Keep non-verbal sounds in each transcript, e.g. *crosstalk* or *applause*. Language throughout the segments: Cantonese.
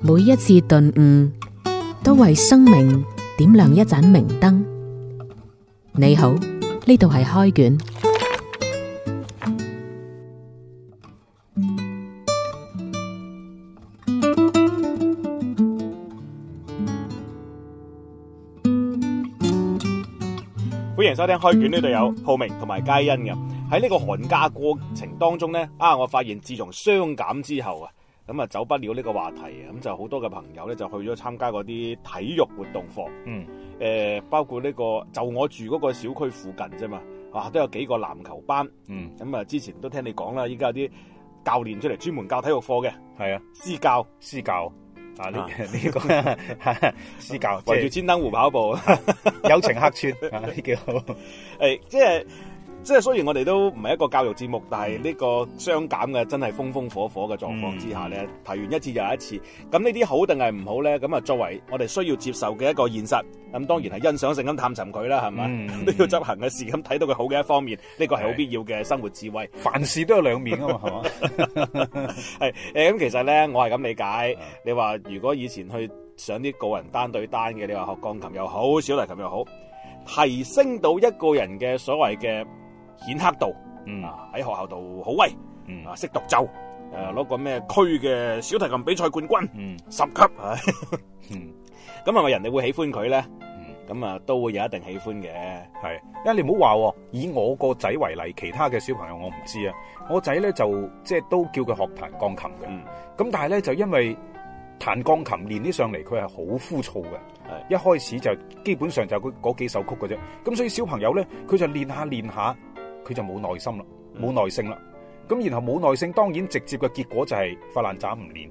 每一次頓悟，都為生命點亮一盞明燈。你好，呢度係開卷。歡迎收聽開卷，呢度有浩明同埋佳欣嘅。喺呢個寒假過程當中呢啊，我發現自從雙減之後啊。咁啊，走不了呢個話題，咁就好多嘅朋友咧，就去咗參加嗰啲體育活動課。嗯，誒，包括呢、這個就我住嗰個小區附近啫嘛，哇，都有幾個籃球班。嗯，咁啊，之前都聽你講啦，依家有啲教練出嚟專門教體育課嘅。係啊，私教私教，私教啊，呢呢、啊這個私 *laughs* 教圍住千燈湖跑步，友 *laughs* 情客串呢叫誒，即 *laughs* 係。哎就是即係雖然我哋都唔係一個教育節目，嗯、但係呢個雙減嘅真係風風火火嘅狀況之下咧、嗯，提完一次又一次。咁呢啲好定係唔好咧？咁啊，作為我哋需要接受嘅一個現實，咁當然係欣賞性咁探尋佢啦，係嘛、嗯、都要執行嘅事，咁、嗯、睇到，佢好嘅一方面，呢個係好必要嘅生活智慧。凡事都有兩面噶嘛，係 *laughs* 嘛？係誒，咁其實咧，我係咁理解。你話如果以前去上啲個人單對單嘅，你話學鋼琴又好，小提琴又好，提升到一個人嘅所謂嘅。顯黑度、嗯、啊！喺學校度好威、嗯、啊！識獨奏誒，攞個咩區嘅小提琴比賽冠軍、嗯，十級啊！咁係咪人哋會喜歡佢咧？咁、嗯、啊，都會有一定喜歡嘅係。因為你唔好話，以我個仔為例，其他嘅小朋友我唔知啊。我仔咧就即係都叫佢學彈鋼琴嘅。咁、嗯、但係咧就因為彈鋼琴練起上嚟，佢係好枯燥嘅。一開始就基本上就嗰嗰幾首曲嘅啫。咁所以小朋友咧，佢就練下練下。佢就冇耐心啦，冇耐性啦。咁然後冇耐性，當然直接嘅結果就係發爛渣唔練。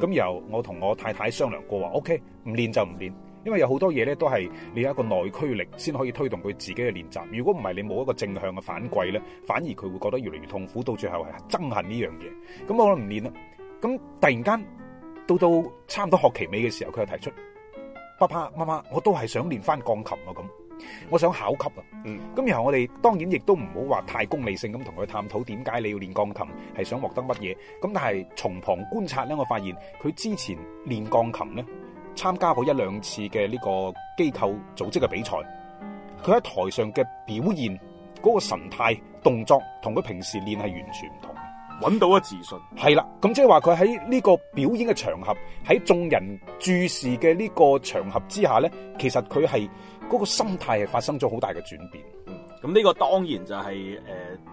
咁由我同我太太商量過話：O K，唔練就唔練。因為有好多嘢咧，都係你有一個內驅力先可以推動佢自己嘅練習。如果唔係，你冇一個正向嘅反饋咧，反而佢會覺得越嚟越痛苦，到最後係憎恨呢樣嘢。咁我諗唔練啦。咁突然間到到差唔多學期尾嘅時候，佢又提出：爸爸，媽媽，我都係想練翻鋼琴啊咁。我想考級啊，咁、嗯、然後我哋當然亦都唔好話太功利性咁同佢探討點解你要練鋼琴係想獲得乜嘢咁。但係從旁觀察咧，我發現佢之前練鋼琴咧，參加過一兩次嘅呢個機構組織嘅比賽，佢喺台上嘅表現，嗰個神態動作同佢平時練係完全唔同，揾到咗自信係啦。咁即係話佢喺呢個表演嘅場合，喺眾人注視嘅呢個場合之下咧，其實佢係。嗰、那個心態係發生咗好大嘅轉變，嗯，咁呢個當然就係誒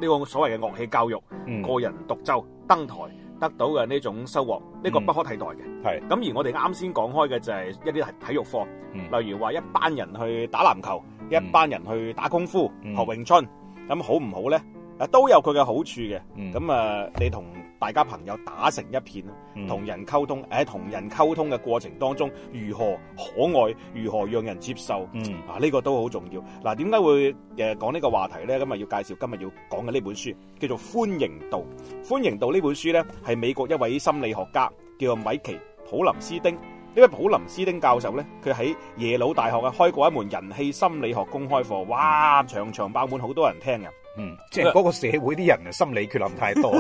呢個所謂嘅樂器教育，嗯、個人獨奏登台得到嘅呢種收穫，呢、嗯呢個不可替代嘅。係咁而我哋啱先講開嘅就係一啲體育課，嗯、例如話一班人去打籃球，嗯、一班人去打功夫，嗯、學詠春，咁好唔好咧？啊，都有佢嘅好處嘅。咁、嗯、啊，你同。大家朋友打成一片，同人溝通，誒、嗯，同人溝通嘅過程當中，如何可愛，如何讓人接受，嗯、啊，呢、這個都好重要。嗱、啊，點解會誒講呢個話題呢？今日要介紹今日要講嘅呢本書，叫做《歡迎度》。歡迎度呢本書呢，係美國一位心理學家，叫米奇普林斯丁。呢位普林斯丁教授呢，佢喺耶魯大學啊開過一門人氣心理學公開課，哇，場場爆滿，好多人聽嗯，即係嗰個社會啲人心理缺陷太多，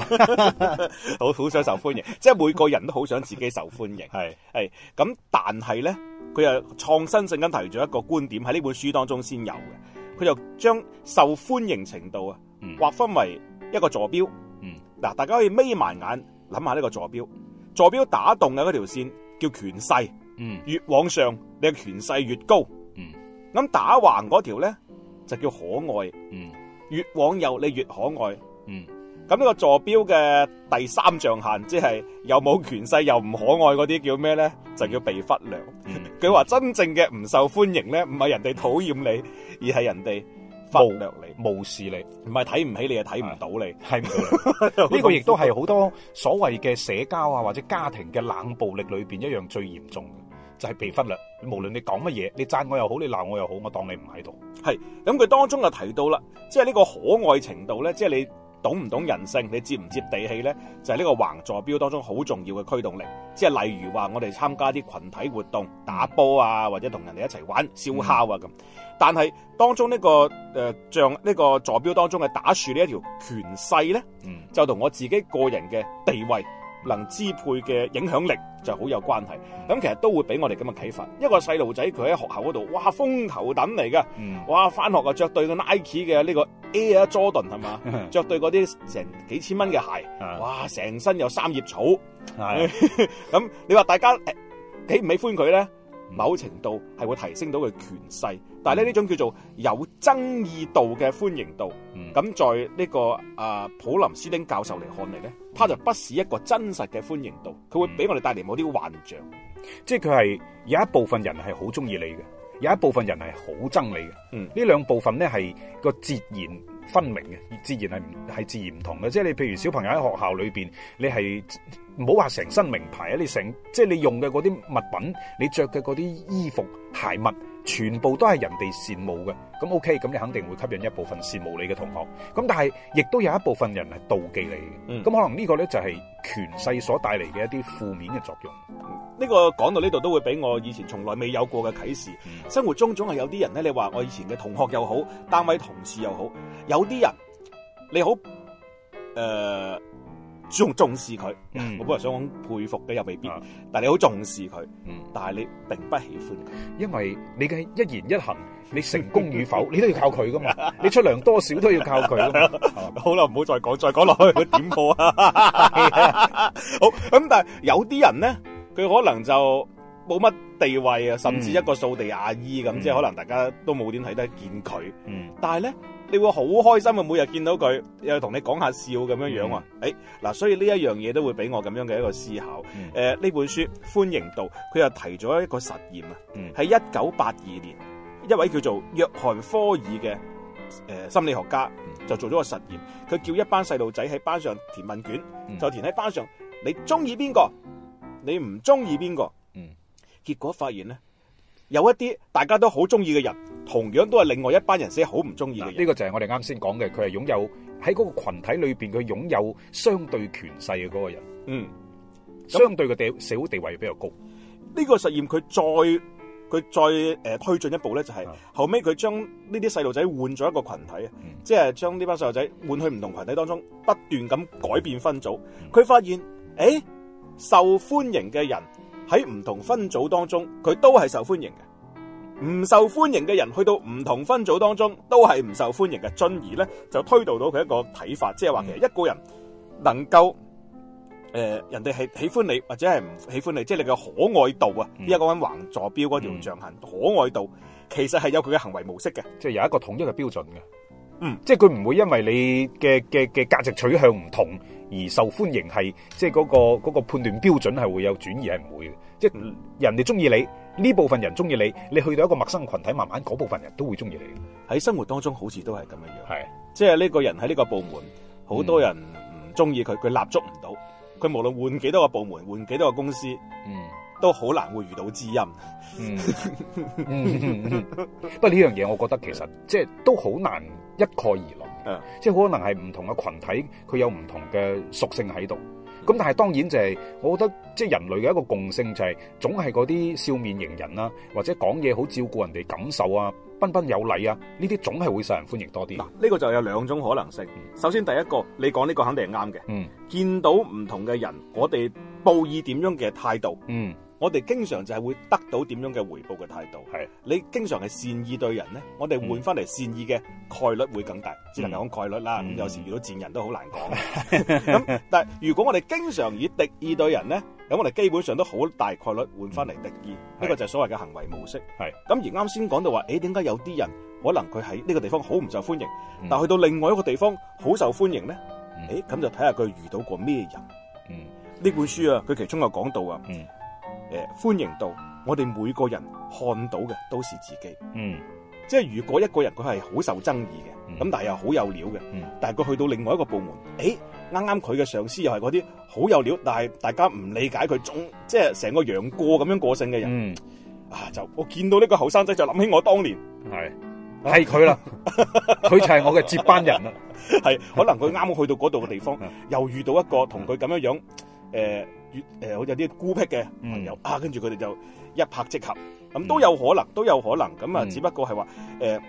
好好想受歡迎， *laughs* 即係每個人都好想自己受歡迎。係係咁，但係咧，佢又創新性咁提出一個觀點喺呢本書當中先有嘅，佢就將受歡迎程度啊劃分為一個坐標。嗯，嗱，大家可以眯埋眼諗下呢個坐標，坐標打動嘅嗰條線叫權勢。嗯，越往上你嘅權勢越高。嗯，咁打橫嗰條咧就叫可愛。嗯。越往右你越可愛，嗯，咁呢個坐標嘅第三象限，即係又冇權勢又唔可愛嗰啲叫咩咧？就叫被忽略。佢，嗯，話真正嘅唔受歡迎咧，唔係人哋討厭你，嗯，而係人哋忽略你、無視你，唔係睇唔起你，又睇唔到你，係唔係？呢個亦都係好多所謂嘅社交啊，或者家庭嘅冷暴力裏邊一樣最嚴重。就係、是、被忽略，無論你講乜嘢，你讚我又好，你鬧我又好，我當你唔喺度。係，咁佢當中就提到啦，即係呢個可愛程度咧，即係你懂唔懂人性，你接唔接地氣咧，就係、是、呢個橫坐標當中好重要嘅驅動力。即係例如話，我哋參加啲群體活動、打波啊，或者同人哋一齊玩燒烤啊咁、嗯。但係當中呢、這個誒、呃，像呢、這個坐標當中嘅打豎呢一條權勢咧，嗯，就同我自己個人嘅地位。能支配嘅影響力就好有關係，咁其實都會俾我哋咁嘅啟發。一個細路仔佢喺學校嗰度，哇，風頭等嚟㗎，哇，返學啊着對嘅 Nike 嘅呢個 Air Jordan 係嘛，着 *laughs* 對嗰啲成幾千蚊嘅鞋， *laughs* 哇，成身有三葉草，咁 *laughs* *laughs* 你話大家喜唔喜歡佢咧？某程度係會提升到佢權勢，但係咧呢種叫做有爭議度嘅歡迎度，咁、嗯、在呢、這個啊普林斯丁教授嚟看嚟咧，他就不是一個真實嘅歡迎度，佢會俾我哋帶嚟某啲幻象，嗯、即係佢係有一部分人係好中意你嘅，有一部分人係好憎你嘅，呢兩部分咧係、嗯、個截然分明嘅，截然是是自然係唔係自然唔同嘅，即係你譬如小朋友喺學校裏邊，你係。唔好話成身名牌啊！你成即係你用嘅嗰啲物品，你着嘅嗰啲衣服鞋襪，全部都係人哋羨慕嘅。咁 OK，咁你肯定會吸引一部分羨慕你嘅同學。咁但係亦都有一部分人係妒忌你嘅。咁、嗯、可能呢個呢，就係權勢所帶嚟嘅一啲負面嘅作用。呢、嗯、呢個講到呢度都會俾我以前從來未有過嘅啟示、嗯。生活中總係有啲人呢，你話我以前嘅同學又好，單位同事又好，有啲人你好誒。呃重重視佢、嗯，我本來想講佩服嘅又未必，嗯、但係你好重視佢、嗯，但係你並不喜歡佢，因為你嘅一言一行，你成功與否，你都要靠佢噶嘛， *laughs* 你出糧多少都要靠佢。好啦，唔好再講，再講落去點過啊？好咁， *laughs* *laughs* *laughs* 但係有啲人咧，佢可能就冇乜地位啊、嗯，甚至一個掃地阿姨咁，即係可能大家都冇點睇得見佢、嗯，但係咧。你會好開心啊！每日見到佢又同你講下笑咁樣樣啊！誒，嗱，所以呢一樣嘢都會俾我咁樣嘅一個思考。誒、mm-hmm. 呃，呢本書《歡迎度》，佢又提咗一個實驗啊。嗯。喺一九八二年，一位叫做約翰科爾嘅誒心理學家、mm-hmm. 就做咗個實驗。佢叫一班細路仔喺班上填問卷，mm-hmm. 就填喺班上你中意邊個，你唔中意邊個。嗯。Mm-hmm. 結果發現咧，有一啲大家都好中意嘅人。同樣都係另外一班人先好唔中意嘅。呢個就係我哋啱先講嘅，佢係擁有喺嗰個群體裏面，佢擁有相對權勢嘅嗰個人。嗯，相對嘅地社會地位比較高。呢個實驗佢再佢再誒、呃、推進一步咧，就係後尾佢將呢啲細路仔換咗一個群體啊，即係將呢班細路仔換去唔同群體當中，不斷咁改變分組。佢發現，誒、欸、受歡迎嘅人喺唔同分組當中，佢都係受歡迎嘅。唔受歡迎嘅人去到唔同分組當中，都係唔受歡迎嘅。進而咧就推導到佢一個睇法，即係話其實一個人能夠誒，呃、人哋係喜歡你或者係唔喜歡你，即係你嘅可愛度啊。依、嗯、一個人橫坐標嗰條象限，嗯、可愛度其實係有佢嘅行為模式嘅，即係有一個統一嘅標準嘅。嗯，即係佢唔會因為你嘅嘅嘅價值取向唔同而受歡迎係，係即係嗰、嗰個、嗰個判斷標準係會有轉移，係唔會嘅。即係、嗯、人哋中意你。呢部分人中意你，你去到一個陌生群體，慢慢嗰部分人都會中意你。喺生活當中好似都係咁樣樣。係、啊，即係呢個人喺呢個部門，好多人唔中意佢，佢、嗯、立足唔到，佢無論換幾多個部門，換幾多個公司，嗯，都好難會遇到知音。嗯，不過呢樣嘢，嗯嗯嗯、我覺得其實即係都好難一概而論。嗯，即係可能係唔同嘅群體，佢有唔同嘅屬性喺度。咁但係當然就係，我覺得即係人類嘅一個共性就係，總係嗰啲笑面迎人啦、啊，或者講嘢好照顧人哋感受啊，彬彬有禮啊，呢啲總係會受人歡迎多啲。嗱，呢個就有兩種可能性。首先第一個，你講呢個肯定係啱嘅。嗯，見到唔同嘅人，我哋報以點樣嘅態度？嗯。我哋經常就係會得到點樣嘅回報嘅態度，係你經常係善意對人咧，我哋換翻嚟善意嘅概率會更大，只能講概率啦。咁有時遇到賤人都好難講。咁但係如果我哋經常以敵意對人咧，咁我哋基本上都好大概率換翻嚟敵意。呢個就係所謂嘅行為模式。係咁而啱先講到話，誒，點解有啲人可能佢喺呢個地方好唔受歡迎，但去到另外一個地方好受歡迎咧？誒，咁就睇下佢遇到過咩人。嗯，呢本書啊，佢其中有講到啊。嗯。誒，歡迎度我哋每個人看到嘅都是自己，嗯，即係如果一個人佢係好受爭議嘅，咁、嗯、但係又好有料嘅、嗯，但係佢去到另外一個部門，誒、哎，啱啱佢嘅上司又係嗰啲好有料，但係大家唔理解佢，即係成個楊過咁樣個性嘅人、嗯，啊，就我見到呢個後生仔就諗起我當年，係係佢啦，佢、啊、 *laughs* 就係我嘅接班人啦，係可能佢啱去到嗰度嘅地方， *laughs* 又遇到一個同佢咁樣樣，誒、嗯。呃誒、呃，好似有啲孤僻嘅朋友、嗯、啊，跟住佢哋就一拍即合，咁、嗯、都有可能，都有可能，咁、嗯、啊，只不過係話，誒、呃，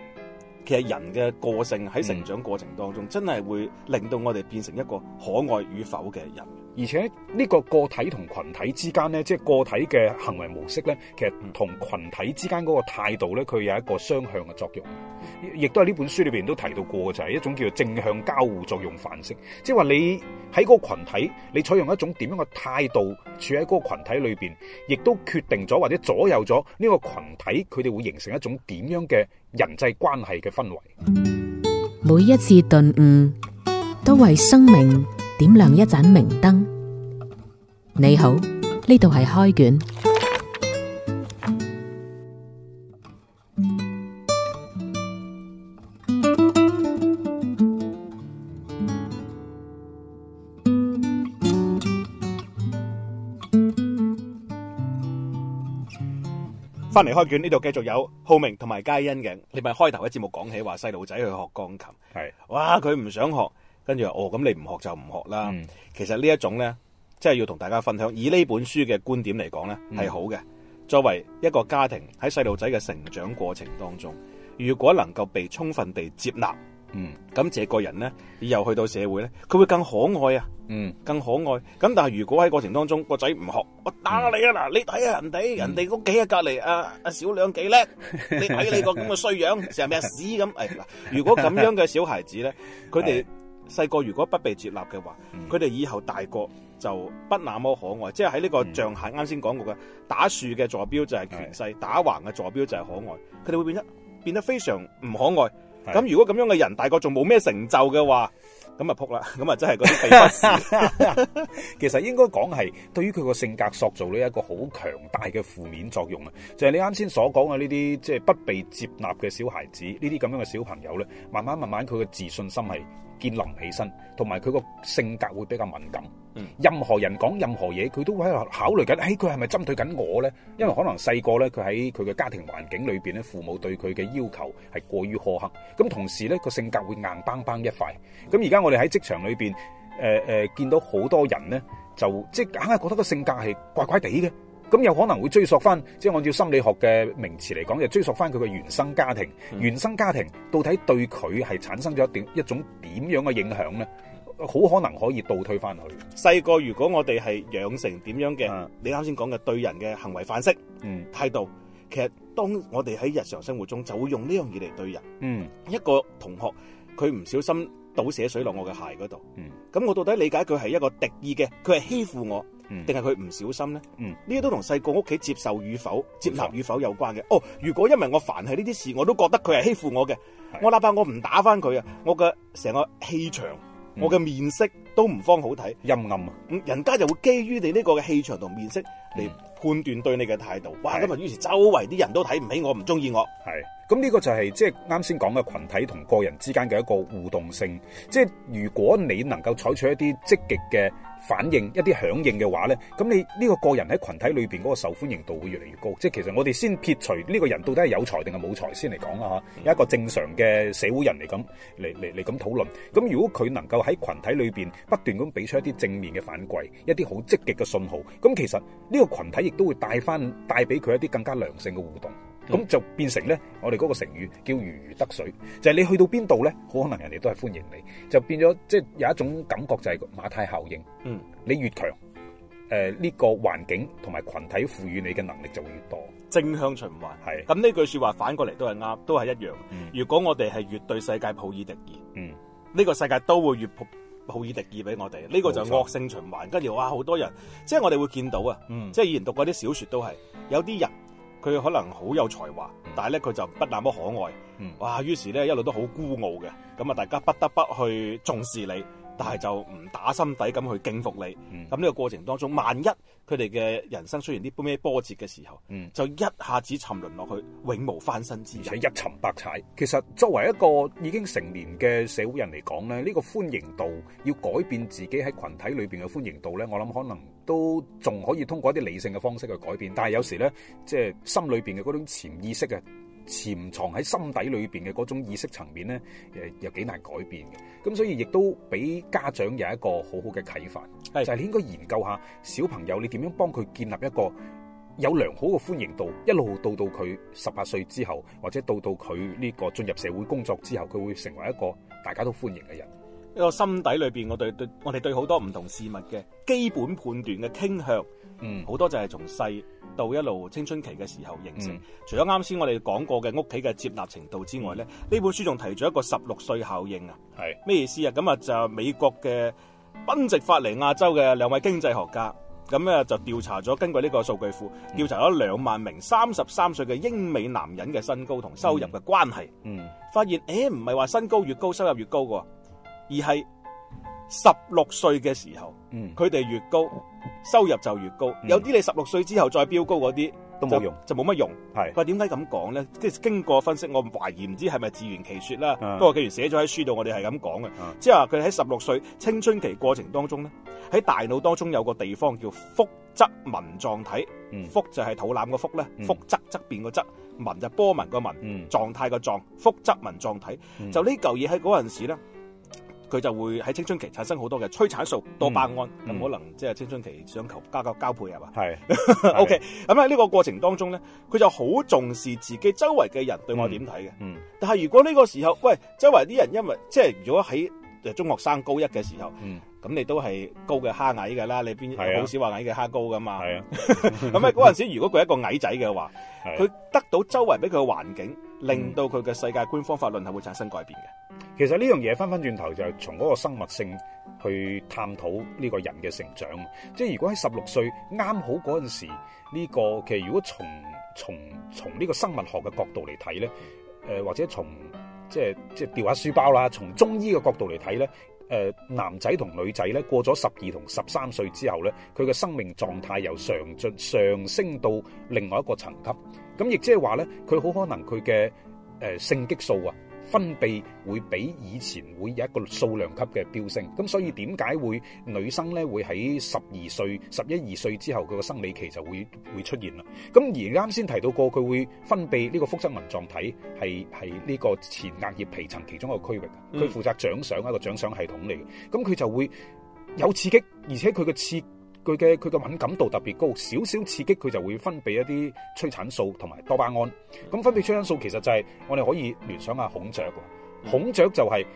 其實人嘅個性喺成長過程當中，嗯、真係會令到我哋變成一個可愛與否嘅人。而且呢個個體同群體之間咧，即係個體嘅行為模式咧，其實同群體之間嗰個態度咧，佢有一個雙向嘅作用，亦都係呢本書裏邊都提到過，就係一種叫做正向交互作用範式，即係話你喺嗰個群體，你採用一種點樣嘅態度，處喺嗰個群體裏邊，亦都決定咗或者左右咗呢個群體，佢哋會形成一種點樣嘅人際關係嘅氛圍。每一次頓悟，都為生命。點亮一盞明燈。你好，呢度係開卷。翻嚟開卷，呢度繼續有浩明同埋佳欣嘅。你咪開頭嘅節目講起話細路仔去學鋼琴，係哇佢唔想學。跟住哦，咁你唔學就唔學啦、嗯。其實呢一種呢，即係要同大家分享，以呢本書嘅觀點嚟講呢，係、嗯、好嘅。作為一個家庭喺細路仔嘅成長過程當中，如果能夠被充分地接納，嗯，咁這個人呢，以後去到社會呢，佢會更可愛啊，嗯，更可愛。咁但係如果喺過程當中個仔唔學，我打你、嗯你、嗯、啊！嗱、啊，你睇下人哋人哋屋企啊隔離阿阿小兩幾叻，你睇你個咁嘅衰樣，成日咩屎咁。誒如果咁樣嘅小孩子呢，佢哋、嗯。細個如果不被接納嘅話，佢、嗯、哋以後大個就不那麼可愛。嗯、即係喺呢個象限，啱先講過嘅打豎嘅坐標就係權勢，打橫嘅坐標就係可愛。佢哋會變得變得非常唔可愛。咁如果咁樣嘅人大個仲冇咩成就嘅話，咁啊扑啦，咁啊真係嗰啲地。其實應該講係對於佢個性格塑造呢一個好強大嘅負面作用啊。就係、是、你啱先所講嘅呢啲，即係不被接納嘅小孩子呢啲咁樣嘅小朋友咧，慢慢慢慢佢嘅自信心係。建立唔起身，同埋佢個性格會比較敏感。任何人講任何嘢，佢都會喺度考慮緊，誒佢係咪針對緊我咧？因為可能細個咧，佢喺佢嘅家庭環境裏邊咧，父母對佢嘅要求係過於苛刻。咁同時咧，個性格會硬邦邦一塊。咁而家我哋喺職場裏邊，誒、呃呃、見到好多人咧，就即係硬係覺得個性格係怪怪地嘅。咁有可能會追溯翻，即係按照心理學嘅名詞嚟講，就追溯翻佢嘅原生家庭。原生家庭到底對佢係產生咗一種點樣嘅影響咧？好可能可以倒退翻去。細個如果我哋係養成點樣嘅、啊，你啱先講嘅對人嘅行為範式、嗯、態度，其實當我哋喺日常生活中就會用呢樣嘢嚟對人。嗯，一個同學佢唔小心倒瀉水落我嘅鞋嗰度。嗯，咁我到底理解佢係一個敵意嘅，佢係欺負我。定係佢唔小心咧？嗯，呢啲都同細個屋企接受與否、接納與否有關嘅。哦，如果因為我凡係呢啲事，我都覺得佢係欺負我嘅，我哪怕我唔打翻佢啊，我嘅成個氣場、嗯、我嘅面色都唔方好睇，陰暗啊。人家就會基於你呢個嘅氣場同面色嚟，判斷對你嘅態度。哇，今日於是周圍啲人都睇唔起我，唔中意我。係，咁呢個就係即係啱先講嘅群體同個人之間嘅一個互動性。即係如果你能夠採取一啲積極嘅。反映一啲響應嘅話，呢咁你呢個個人喺群體裏邊嗰個受歡迎度會越嚟越高。即係其實我哋先撇除呢個人到底係有才定係冇才先嚟講啦吓，有一個正常嘅社會人嚟咁嚟嚟嚟咁討論，咁如果佢能夠喺群體裏邊不斷咁俾出一啲正面嘅反饋，一啲好積極嘅信號，咁其實呢個群體亦都會帶翻帶俾佢一啲更加良性嘅互動。咁、嗯、就變成咧，我哋嗰個成語叫如魚得水，就係、是、你去到邊度咧，好可能人哋都係歡迎你，就變咗即係有一種感覺就係馬太效應。嗯，你越強，呢、呃呢個環境同埋群體賦予你嘅能力就會越多，正向循環。係。咁呢句說話反過嚟都係啱，都係一樣、嗯。如果我哋係越對世界抱以敵意，嗯，呢、呢個世界都會越抱抱以敵意俾我哋。呢、呢個就惡性循環。跟住哇，好多人，即係我哋會見到啊、嗯，即係以前讀過啲小說都係有啲人。佢可能好有才華，但係咧，佢就不那麼可愛，嗯，哇！於是咧一路都好孤傲嘅，咁啊大家不得不去重視你。但係就唔打心底咁去敬服你，咁呢個過程當中，萬一佢哋嘅人生出現啲咩波折嘅時候，就一下子沉淪落去，永無翻身之日，一沉百踩。其實作為一個已經成年嘅社會人嚟講咧，呢個歡迎度要改變自己喺群體裏面嘅歡迎度咧，我諗可能都仲可以通過一啲理性嘅方式去改變，但係有時咧，即係心裏邊嘅嗰種潛意識潛藏喺心底裏邊嘅嗰種意識層面呢，誒又幾難改變嘅，咁所以亦都俾家長有一個好好嘅啟發，係就係、是、你應該研究下小朋友你點樣幫佢建立一個有良好嘅歡迎度，一路到到佢十八歲之後，或者到到佢呢個進入社會工作之後，佢會成為一個大家都歡迎嘅人。一個心底裏邊，我對我哋對我哋對好多唔同事物嘅基本判斷嘅傾向，嗯，好多就係從細到一路青春期嘅時候形成。嗯、除咗啱先我哋講過嘅屋企嘅接納程度之外咧，呢、嗯、本書仲提咗一個十六歲效應啊。係、嗯、咩意思啊？咁啊、嗯，就係、美國嘅賓夕法尼亞州嘅兩位經濟學家咁咧，咁就調查咗根據呢個數據庫調查咗兩萬名三十三歲嘅英美男人嘅身高同收入嘅關係、嗯，嗯，發現誒唔係話身高越高收入越高㗎。而係十六歲嘅時候，佢、嗯、哋越高收入就越高。嗯、有啲你十六歲之後再飆高嗰啲，都冇用，就冇乜用。係，佢點解咁講咧？即係經過分析，我懷疑唔知係咪自圓其說啦、嗯。不過既然寫咗喺書度，我哋係咁講嘅。即係話佢喺十六歲青春期過程當中咧，喺大腦當中有個地方叫腹側紋狀體。腹、嗯、就係肚腩腹、嗯、腹個腹咧，腹側側邊個側紋就波紋個紋狀態個狀腹側紋狀體。嗯、就呢嚿嘢喺嗰陣時咧。佢就會喺青春期產生好多嘅催產素多巴胺，嗯、可能即係青春期想求加交配係嘛？係、嗯。O K，咁喺呢個過程當中咧，佢就好重視自己周圍嘅人對我點睇嘅。嗯。但係如果呢個時候，喂，周圍啲人因為即係如果喺中學生高一嘅時候，嗯，咁你都係高嘅蝦矮嘅啦，你邊好少話矮嘅蝦高噶嘛？係啊。咁喺嗰陣時，如果佢係一個矮仔嘅話，佢得到周圍俾佢嘅環境。令到佢嘅世界觀、方法論係會產生改變嘅、嗯。其實呢樣嘢返返轉頭就係從嗰個生物性去探討呢個人嘅成長。即係如果喺十六歲啱好嗰陣時，呢、這個其實如果從從從呢個生物學嘅角度嚟睇咧，誒、呃、或者從即係即係掉下書包啦，從中醫嘅角度嚟睇咧，誒、呃、男仔同女仔咧，過咗十二同十三歲之後咧，佢嘅生命狀態由上進上升到另外一個層級。咁亦即係話咧，佢好可能佢嘅誒性激素啊分泌會比以前會有一個數量級嘅飆升，咁所以點解會女生咧會喺十二歲、十一二歲之後佢個生理期就會會出現啦？咁而啱先提到過，佢會分泌呢個腹側紋狀體係係呢個前額葉皮層其中一個區域，佢、嗯、負責獎賞一個獎賞系統嚟嘅，咁佢就會有刺激，而且佢嘅刺佢嘅佢嘅敏感度特別高，少少刺激佢就會分泌一啲催產素同埋多巴胺。咁分泌催產素其實就係我哋可以聯想下孔雀，孔雀就係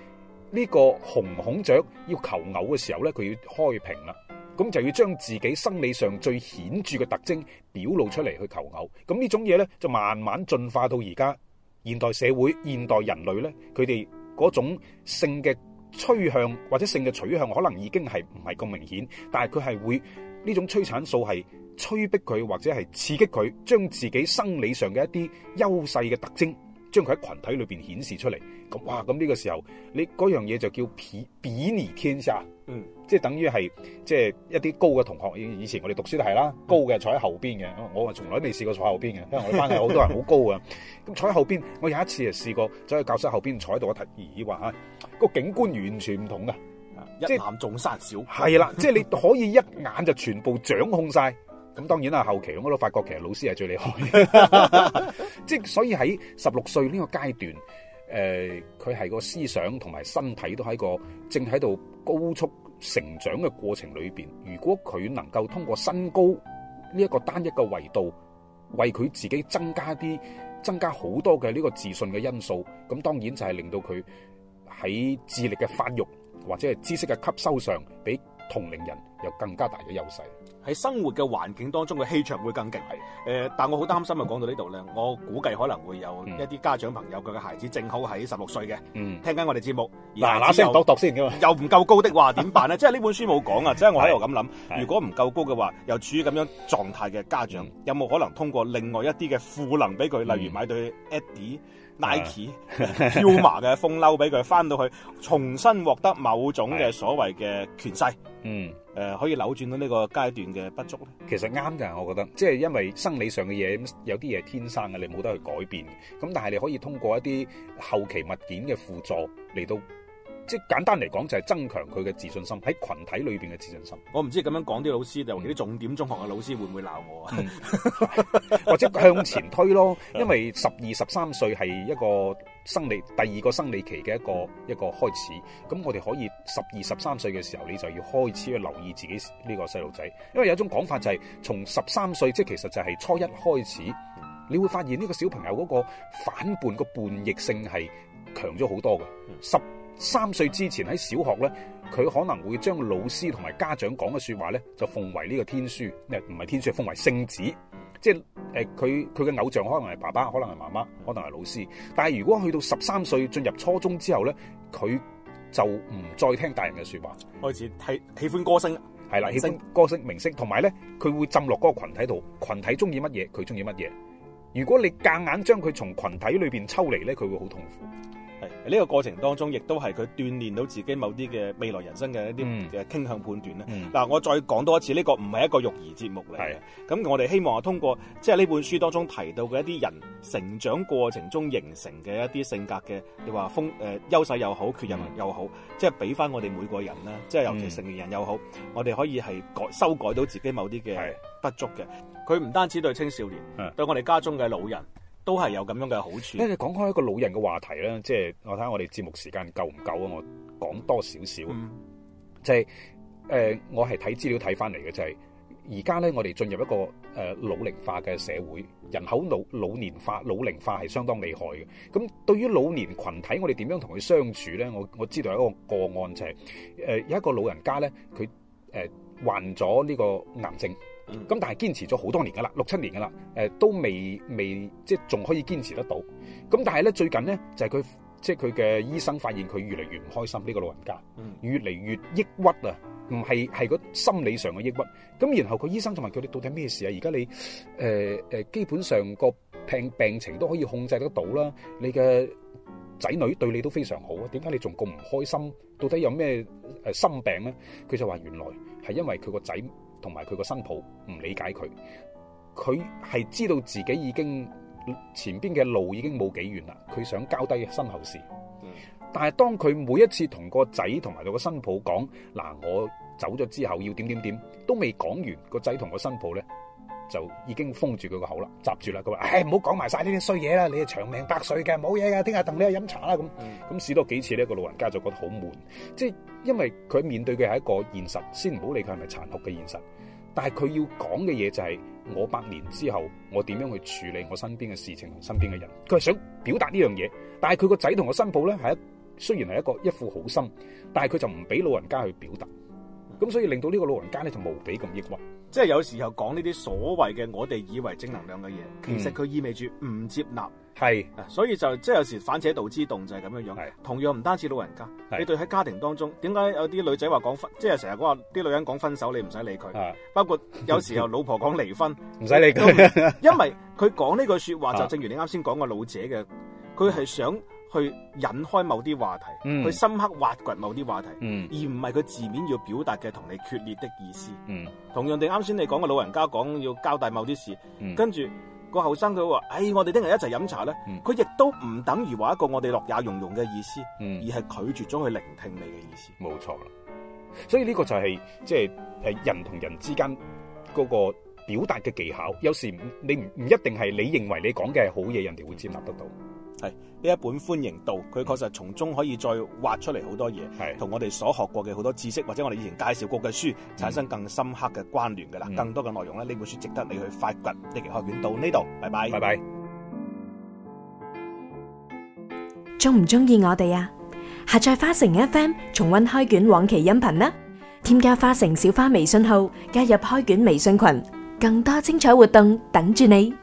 呢個雄孔雀要求偶嘅時候咧，佢要開屏啦。咁就要將自己生理上最顯著嘅特徵表露出嚟去求偶。咁呢種嘢咧就慢慢進化到而家現代社會現代人類咧，佢哋嗰種性嘅。趨向或者性嘅取向可能已經係唔係咁明顯，但係佢係會呢種催產素係催逼佢或者係刺激佢，將自己生理上嘅一啲優勢嘅特徵，將佢喺群體裏邊顯示出嚟。咁哇，咁呢個時候你嗰樣嘢就叫睥，睥睨天下。嗯。即係等於係，即係一啲高嘅同學。以前我哋讀書都係啦，高嘅坐喺後邊嘅。我啊從來未試過坐喺後邊嘅，因為我班係好多人好高嘅。咁 *laughs* 坐喺後邊，我有一次啊試過走去教室後邊坐喺度一睇，咦話啊個景觀完全唔同嘅， *laughs* 即係一覽眾山小係啦。 *laughs* 即係你可以一眼就全部掌控晒。咁當然啦，後期我都發覺其實老師係最厲害嘅。 *laughs* 即係所以喺十六歲呢個階段，誒佢係個思想同埋身體都喺個正喺度高速。成長嘅過程裏面，如果佢能夠通過身高呢一個單一嘅維度，為佢自己增加啲增加好多嘅呢個自信嘅因素，咁當然就係令到佢喺智力嘅發育或者係知識嘅吸收上，比同齡人有更加大嘅優勢，喺生活嘅環境當中嘅氣場會更勁。誒、呃，但我好擔心啊！講到呢度咧，我估計可能會有一啲家長朋友佢嘅孩子正好喺十六歲嘅，嗯，聽緊我哋節目嗱嗱聲讀讀先，又唔夠高的話，點辦咧？ *laughs* 即係呢本書冇講啊！ *laughs* 即係我喺度咁諗，如果唔夠高嘅話，又處於咁樣狀態嘅家長，有冇可能通過另外一啲嘅賦能俾佢，例如買對 Adi Nike、 *laughs* Puma 嘅風褸俾佢翻到去，重新獲得某種嘅所謂嘅權勢。嗯、呃，誒可以扭轉到呢個階段嘅不足咧。其實啱嘅，我覺得，即係因為生理上嘅嘢，有啲嘢係天生嘅，你冇得去改變。咁但係你可以通過一啲後期物件嘅輔助嚟到。即係簡單嚟講，就係增強佢嘅自信心，喺群體裏邊嘅自信心。我唔知咁樣講啲老師尤其啲重點中學嘅老師會唔會鬧我啊？ *laughs* 或者向前推咯，因為十二、十三歲係一個生理第二個生理期嘅一個一個開始。咁我哋可以十二、十三歲嘅時候，你就要開始去留意自己呢個細路仔。因為有一種講法就係從十三歲，即係其實就係初一開始，你會發現呢個小朋友嗰個反叛個叛逆性係強咗好多嘅十。三歲之前喺小學呢，佢可能會將老師同埋家長講嘅說話呢，就奉為呢個天書，唔係天書，奉為聖旨。即係佢佢嘅偶像可能係爸爸，可能係媽媽，可能係老師。但係如果去到十三歲進入初中之後呢，佢就唔再聽大人嘅說話，開始睇喜歡歌星，係啦，喜歡歌星、明星，同埋呢，佢會浸落嗰個群體度，群體中意乜嘢佢中意乜嘢。如果你夾硬將佢從群體裏邊抽離呢，佢會好痛苦。呢、這個過程當中，亦都係佢鍛鍊到自己某啲嘅未來人生嘅一啲傾向判斷。嗱、嗯嗯，我再講多一次，呢、這個唔係一個育兒節目嚟嘅。咁我哋希望通過即係呢本書當中提到嘅一啲人成長過程中形成嘅一啲性格嘅，你話風誒優勢又好，缺人又好，嗯、即係俾翻我哋每個人啦，即、嗯、係尤其成年人又好，我哋可以係改修改到自己某啲嘅不足嘅。佢唔單止對青少年，對我哋家中嘅老人。都係有咁樣嘅好處。誒，你講開一個老人嘅話題啦，即係我睇下我哋節目時間夠唔夠啊？我講多少少、嗯，就係、是、誒、呃，我係睇資料睇翻嚟嘅，就係而家咧，我哋進入一個誒、呃、老齡化嘅社會，人口老老年化、老齡化係相當厲害嘅。咁對於老年群體，我哋點樣同佢相處咧？我我知道有一個個案就係、是、誒、呃，有一個老人家咧，佢誒、呃、患咗呢個癌症。咁、嗯、但係堅持咗好多年㗎喇，六七年㗎喇，誒、呃、都未未即係仲可以堅持得到。咁但係咧最近咧就係、是、佢即係佢嘅醫生發現佢越嚟越唔開心，呢、這個老人家越嚟越抑鬱啊！唔係係個心理上嘅抑鬱。咁然後佢醫生就問佢：你到底咩事啊？而家你誒誒、呃、基本上個病病情都可以控制得到啦。你嘅仔女對你都非常好啊，點解你仲咁唔開心？到底有咩誒心病咧？佢就話：原來係因為佢個仔。同埋佢個新抱唔理解佢，佢係知道自己已經前邊嘅路已經冇幾遠啦，佢想交低身後事。嗯、但係當佢每一次同個仔同埋佢個新抱講嗱，我走咗之後要點點點，都未講完，個仔同個新抱呢，就已經封住佢個口啦，閘住啦。佢話：唉，唔好講埋晒呢啲衰嘢啦，你係長命百歲嘅，冇嘢呀。聽日等你去飲茶啦，咁。咁、嗯、試多幾次呢、呢個老人家就覺得好悶，即係因為佢面對嘅係一個現實，先唔好理佢係咪殘酷嘅現實。但係佢要講嘅嘢就係、是、我百年之後，我點樣去處理我身邊嘅事情同身邊嘅人。佢係想表達呢樣嘢，但係佢個仔同我新抱咧係雖然係一個一副好心，但係佢就唔俾老人家去表達。咁所以令到呢個老人家咧就無比咁抑鬱。即係有時候講呢啲所謂嘅我哋以為正能量嘅嘢，嗯，其實佢意味住唔接納係，所以就即係，就是，有時反者道之動就係咁樣樣。同樣唔單止老人家，你對喺家庭當中點解有啲女仔話講分，即係成日講話啲女人講分手，你唔使理佢啊。包括有時候老婆講離婚，唔使理佢，因為佢講呢句說話啊，就正如你啱先講過老者嘅。佢係想。去引開某啲話題、嗯，去深刻挖掘某啲話題，嗯、而唔係佢字面要表達嘅同你決裂的意思。嗯、同樣哋啱先你講嘅老人家講要交代某啲事，跟、嗯、住個後生佢話，誒、哎，我哋聽日一齊飲茶咧。佢、嗯、亦都唔等於話一個我哋樂也融融嘅意思，嗯、而係拒絕咗去聆聽你嘅意思。冇錯啦，所以呢個就係即係誒人同人之間嗰個表達嘅技巧。有時你唔唔一定係你認為你講嘅係好嘢，人哋會接納得到。係呢一本歡迎度，佢確實從中可以再挖出嚟，好多嘢，係同我哋所學過嘅好多知識，或者我哋以前介紹過嘅書產生更深刻嘅關聯噶啦。更多嘅內容咧，呢本書值得你去發掘。呢、嗯、期開卷到呢度，拜拜，拜拜。中唔中意我哋啊？下載花城 FM 重溫開卷往期音頻呢，添加花城小花微信號，加入開卷微信群，更多精彩活動等住你。